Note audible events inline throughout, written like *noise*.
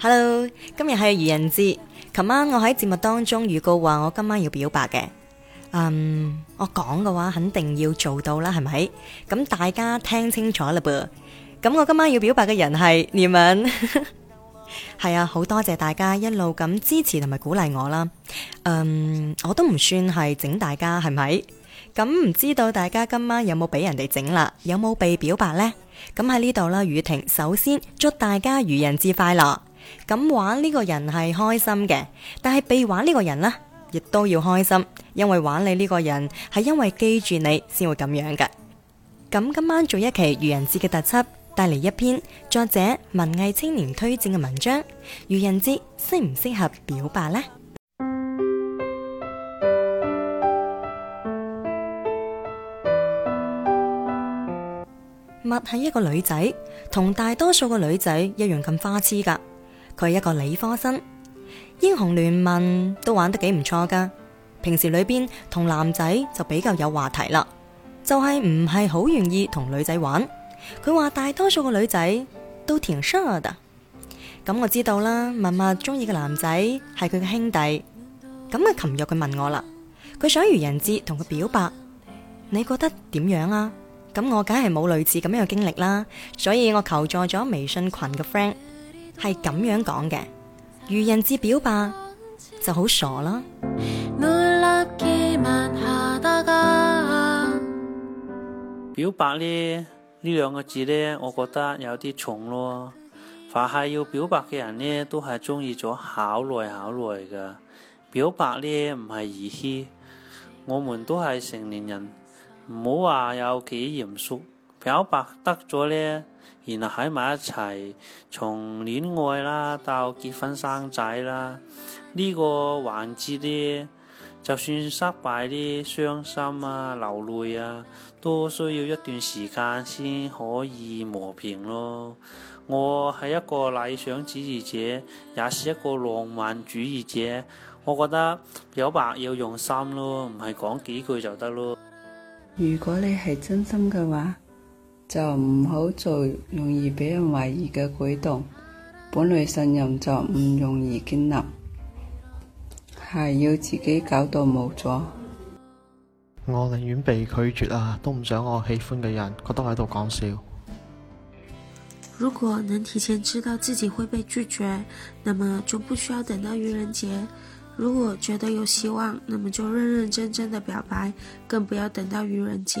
Hello，今日係愚人節，琴晚我喺節目當中預告話我今晚要表白嘅，嗯、um,，我講嘅話肯定要做到啦，係咪？咁大家聽清楚啦噃，咁我今晚要表白嘅人係念文，係 *laughs* 啊，好多謝大家一路咁支持同埋鼓勵我啦，嗯、um,，我都唔算係整大家，係咪？咁唔知道大家今晚有冇俾人哋整啦，有冇被表白呢？咁喺呢度啦，雨婷首先祝大家愚人節快樂！咁玩呢個人係開心嘅，但係被玩呢個人呢，亦都要開心，因為玩你呢個人係因為記住你先會咁樣嘅。咁今晚做一期愚人節嘅特輯，帶嚟一篇作者文藝青年推薦嘅文章。「愚人節適唔適合表白呢？」麥係一個女仔，同大多數個女仔一樣咁花痴噶。佢係一個理科生，英雄聯盟都玩得幾唔錯噶。平時裏邊同男仔就比較有話題啦，就係唔係好願意同女仔玩。佢話大多數個女仔都挺 short。咁我知道啦，麥麥中意嘅男仔係佢嘅兄弟。咁啊，琴日佢問我啦，佢想愚人節同佢表白，你覺得點樣啊？咁我梗係冇類似咁樣嘅經歷啦，所以我求助咗微信群嘅 friend，係咁樣講嘅，愚人節表白就好傻啦。表白呢呢兩個字呢，我覺得有啲重咯，凡係要表白嘅人呢，都係中意咗考慮考慮嘅。表白呢唔係兒戲，我們都係成年人。唔好話有幾嚴肅，表白得咗呢，然後喺埋一齊，從戀愛啦到結婚生仔啦，呢個環節呢，就算失敗啲傷心啊流淚啊，都需要一段時間先可以磨平咯。我係一個理想主義者，也是一個浪漫主義者，我覺得表白要用心咯，唔係講幾句就得咯。如果你係真心嘅話，就唔好做容易俾人懷疑嘅舉動。本來信任就唔容易建立，係要自己搞到冇咗。我寧願被拒絕啊，都唔想我喜歡嘅人覺得我喺度講笑。如果能提前知道自己會被拒絕，那麼就不需要等到愚人節。如果覺得有希望，那麼就認認真真的表白，更不要等到愚人節。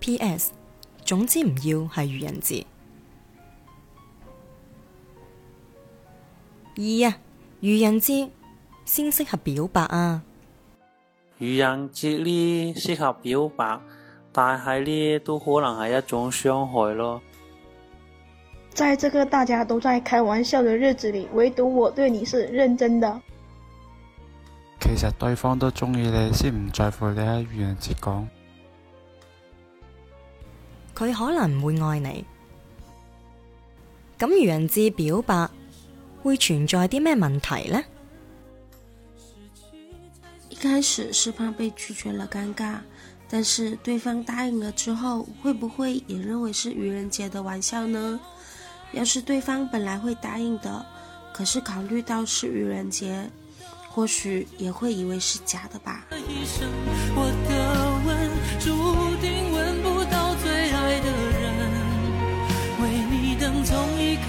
P.S. 總之唔要係愚人節。二啊，愚人節先適合表白啊！愚人節呢適合表白，但係呢都可能係一種傷害咯。在這個大家都在開玩笑嘅日子裏，唯獨我對你是認真的。其實對方都中意你，先唔在乎你愚人節講。佢可能唔會愛你，咁愚人節表白會存在啲咩問題呢？一開始是怕被拒絕了尷尬，但是對方答應了之後，會不會也認為是愚人節的玩笑呢？要是對方本來會答應的，可是考慮到是愚人節，或許也會以為是假的吧。 *music*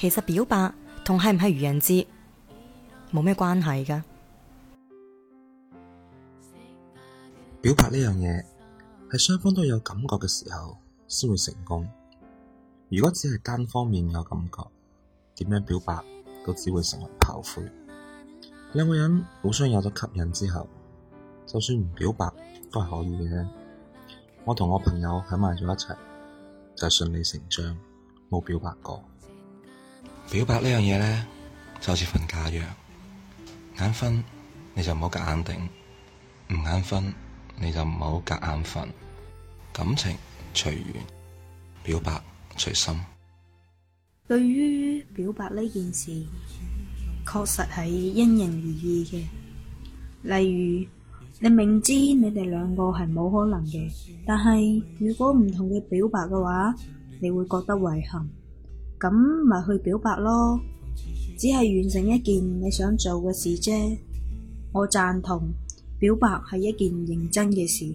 其實表白同係唔係愚人節冇咩關係噶。表白呢樣嘢係雙方都有感覺嘅時候先會成功。如果只係單方面有感覺，點樣表白都只會成為炮灰。兩個人互相有咗吸引之後，就算唔表白都係可以嘅。我同我朋友喺埋咗一齊就順理成章冇表白過。表白呢樣嘢咧，就好似份假藥，眼瞓，你就唔好夾硬頂，唔眼瞓，你就唔好夾硬瞓，感情隨緣，表白隨心。對於表白呢件事，確實係因人而異嘅。例如，你明知你哋兩個係冇可能嘅，但係如果唔同佢表白嘅話，你會覺得遺憾。咁咪去表白咯，只係完成一件你想做嘅事啫。我贊同表白係一件認真嘅事，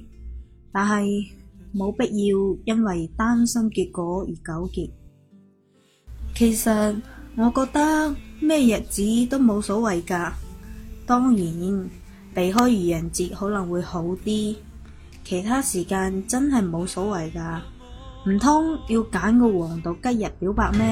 但係冇必要因為擔心結果而糾結。其實我覺得咩日子都冇所謂噶，當然避開愚人節可能會好啲，其他時間真係冇所謂噶。唔通要揀個黃道吉日表白咩？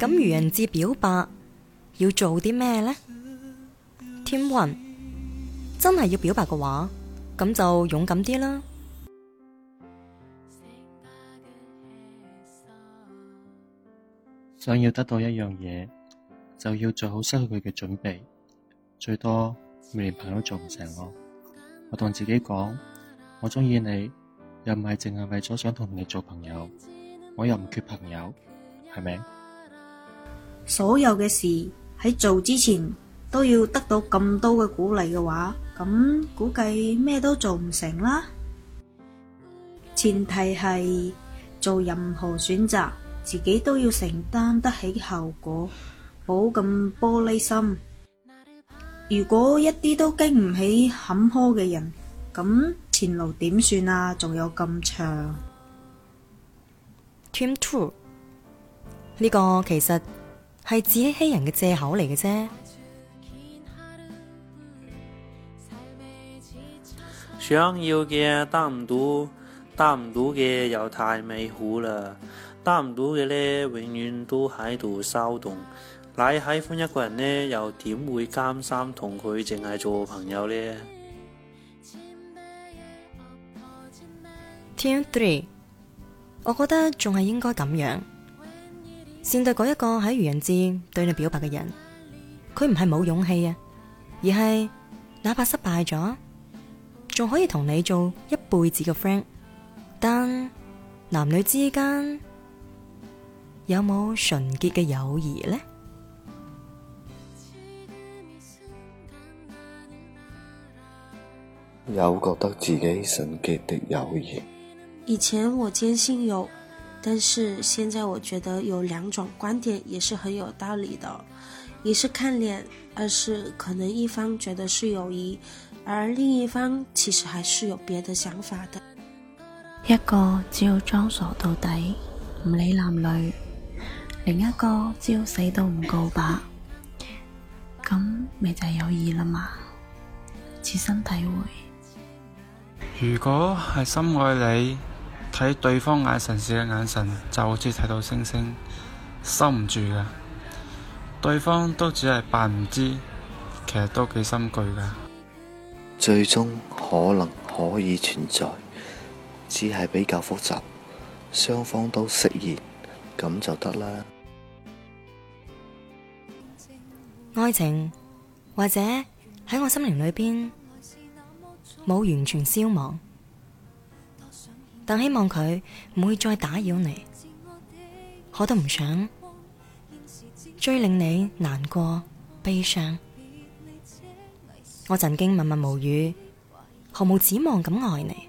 咁愚人節表白要做啲咩呢？天云真係要表白嘅話，咁就勇敢啲啦。想要得到一樣嘢，就要做好失去佢嘅準備。最多，我連朋友都做唔成我。我同自己講，我中意你，又唔係淨係為咗想同你做朋友，我又唔缺朋友，係咪？所有嘅事喺做之前都要得到咁多嘅鼓勵嘅話，咁、嗯、估計咩都做唔成啦。前提係做任何選擇，自己都要承擔得起後果，冇咁玻璃心。如果一啲都經唔起坎坷嘅人，咁、嗯、前路點算啊？仲有咁長。Team two 呢個其實。.係自欺欺人嘅借口嚟嘅啫。想要嘅得唔到，得唔到嘅又太美好啦。得唔到嘅呢，永遠都喺度騷動。你喜歡一個人呢，又點會甘心同佢淨係做朋友呢？t w three，我覺得仲係應該咁樣。善待嗰一個喺愚人節對你表白嘅人，佢唔係冇勇氣啊，而係哪怕失敗咗，仲可以同你做一輩子嘅 friend。但男女之間有冇純潔嘅友誼呢？有覺得自己純潔的友誼。以前我堅信有。但是現在我覺得有兩種觀點也是很有道理的，一是看臉，二是可能一方覺得是友誼，而另一方其實還是有別的想法的。一個只要裝傻到底，唔理男女；另一個只要死都唔告白，咁咪就係友誼啦嘛。切身體會。如果係深愛你。睇對方眼神時嘅眼神，就好似睇到星星，收唔住㗎。對方都只係扮唔知，其實都幾心攰㗎。最終可能可以存在，只係比較複雜，雙方都適宜，咁就得啦。愛情或者喺我心靈裏邊冇完全消亡。但希望佢唔會再打擾你，我都唔想，最令你難過、悲傷。我曾經默默無語，毫無指望咁愛你，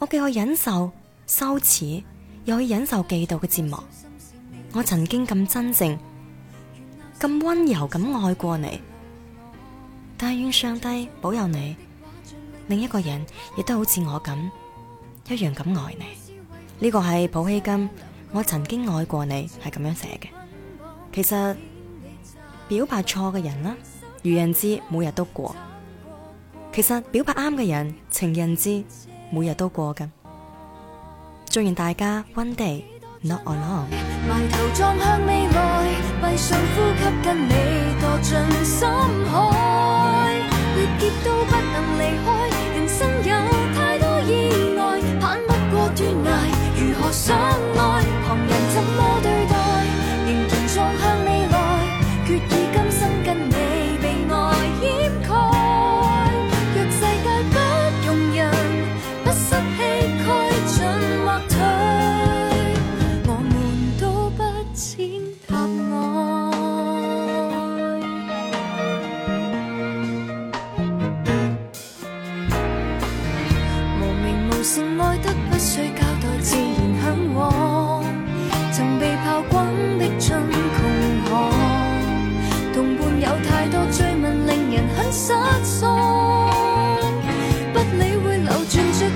我既可忍受羞恥，又可忍受嫉妒嘅折磨。我曾經咁真正、咁温柔咁愛過你，但願上帝保佑你。另一個人亦都好似我咁，一樣咁愛你。呢個係普希金，我曾經愛過你，係咁樣寫嘅。其實表白錯嘅人啦，愚人節每日都過；其實表白啱嘅人，情人節每日都過嘅。祝願大家，one day not alone。埋頭撞向未來，閉上呼吸，跟你墮進深海，都不能離開，人生有太多意外，盼不過斷崖，如何相愛，旁人怎麼對待？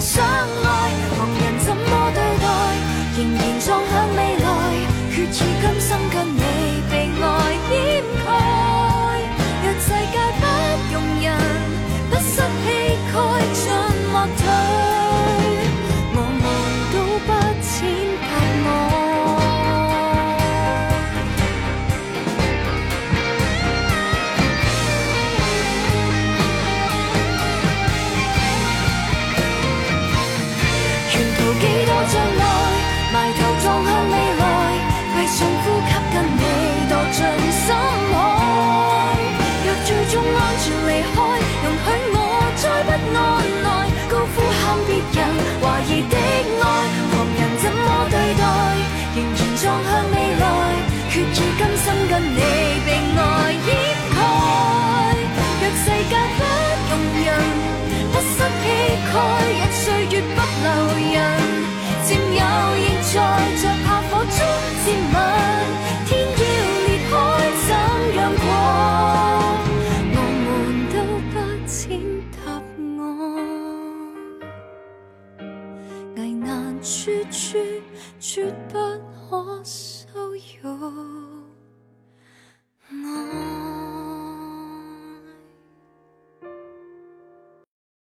相愛，旁人怎麼對待，仍然撞向未來，決意今生跟你被愛掩蓋。